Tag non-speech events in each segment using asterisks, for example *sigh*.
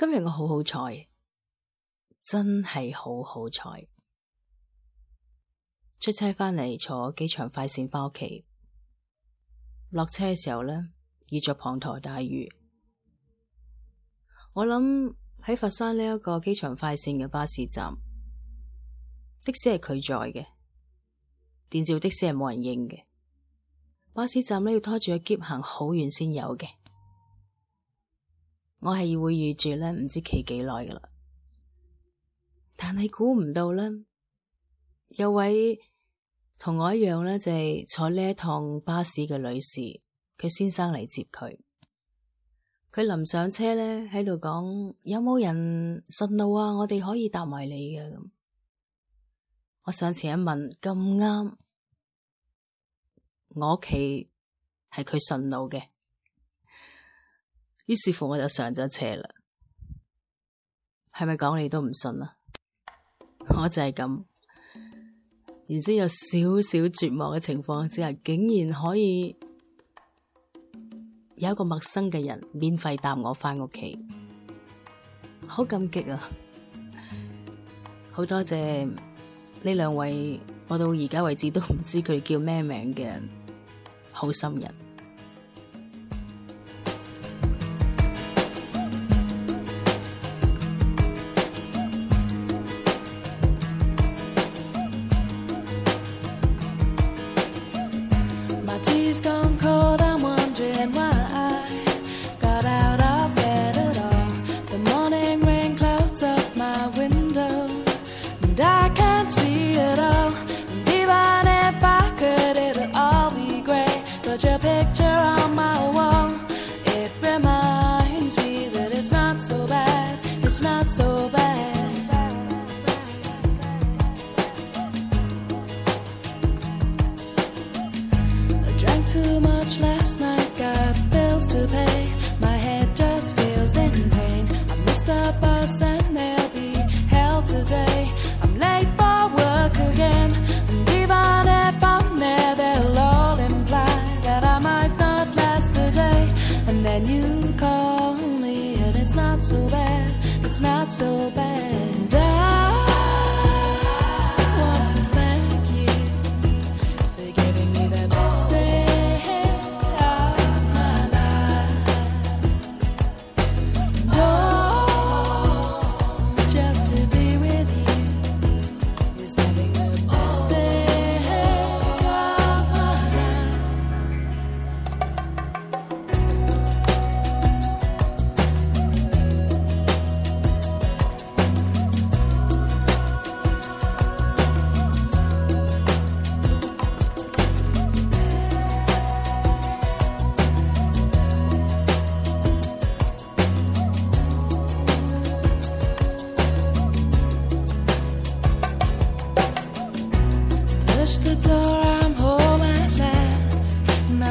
今日我好好彩，真係好好彩！出差返嚟坐機場快線返屋企，落車嘅時候呢，遇着滂沱大雨。我諗喺佛山呢一個機場快線嘅巴士站，士拒的，的士係拒載嘅，電召的士係冇人應嘅，巴士站呢要拖住個篋行好遠先有嘅。我係會遇住咧，唔知企幾耐㗎喇，但係估唔到咧，有位同我一樣咧，就係、是、坐呢一趟巴士嘅女士，佢先生嚟接佢，佢臨上車咧喺度講：有冇人順路啊？我哋可以搭埋你嘅咁。我上前一問，咁啱，我企係佢順路嘅。於是乎我就上咗車啦，係咪講你都唔信啦，啊？我就係咁，然之有少少絕望嘅情況之下，竟然可以有一個陌生嘅人免費搭我返屋企，好感激啊！好多謝呢兩位，我到而家為止都唔知佢哋叫咩名嘅好心人。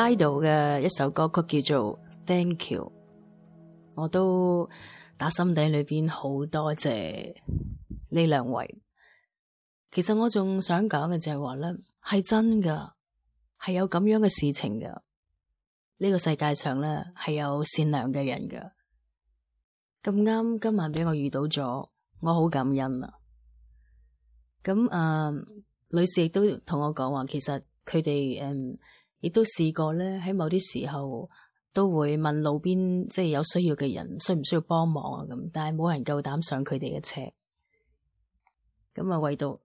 街度嘅一首歌曲叫做 Thank You，我都打心底裏邊好多謝呢兩位。其實我仲想講嘅就係話咧，係真噶，係有咁樣嘅事情噶。呢、這個世界上咧係有善良嘅人噶，咁啱今晚俾我遇到咗，我好感恩啊。咁啊、呃，女士亦都同我講話，其實佢哋嗯。呃亦都試過咧，喺某啲時候都會問路邊即係有需要嘅人，需唔需要幫忙啊？咁但係冇人夠膽上佢哋嘅車，咁啊，唯獨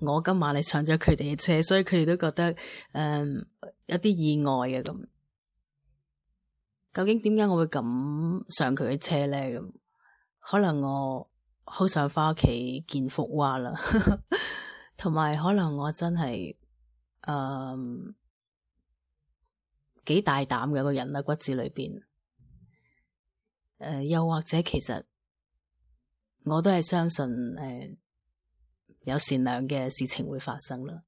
我今晚係上咗佢哋嘅車，所以佢哋都覺得誒、嗯、有啲意外嘅、啊。咁、嗯、究竟點解我會咁上佢嘅車咧？咁、嗯、可能我好想翻屋企見福娃啦，同 *laughs* 埋可能我真係誒。嗯幾大膽嘅一個人啦，骨子裏邊。誒、呃，又或者其實我都係相信誒、呃，有善良嘅事情會發生啦。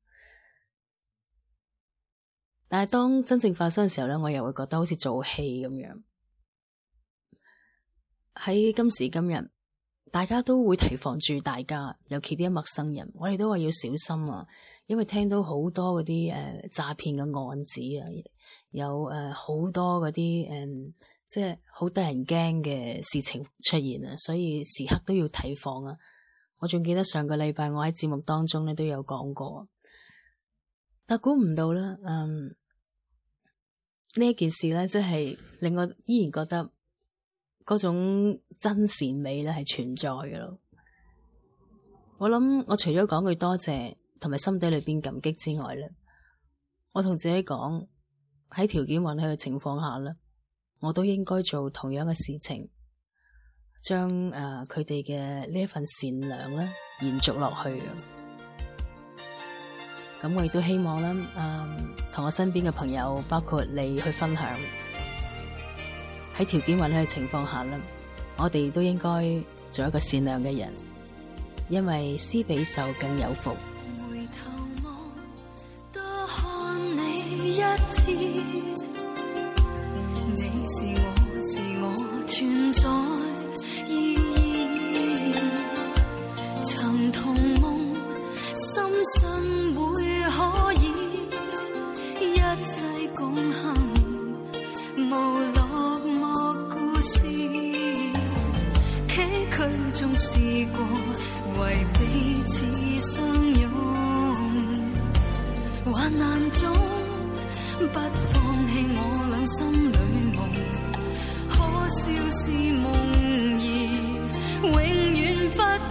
但係當真正發生嘅時候咧，我又會覺得好似做戲咁樣。喺今時今日。大家都會提防住大家，尤其啲陌生人，我哋都話要小心啊！因為聽到好多嗰啲誒詐騙嘅案子啊，有誒好多嗰啲誒，即係好得人驚嘅事情出現啊！所以時刻都要提防啊！我仲記得上個禮拜我喺節目當中咧都有講過，但估唔到啦，嗯，呢一件事咧，即係令我依然覺得，嗰種真善美咧係存在嘅咯，我諗我除咗講句多謝同埋心底裏邊感激之外咧，我同自己講喺條件允許嘅情況下咧，我都應該做同樣嘅事情，將誒佢哋嘅呢一份善良咧延續落去。咁我亦都希望咧，誒、呃、同我身邊嘅朋友包括你去分享。喺條件允許嘅情況下呢，我哋都應該做一個善良嘅人，因為施比受更有福。回頭望，多看你你一次，你是我是，我存在意義。曾同夢深深。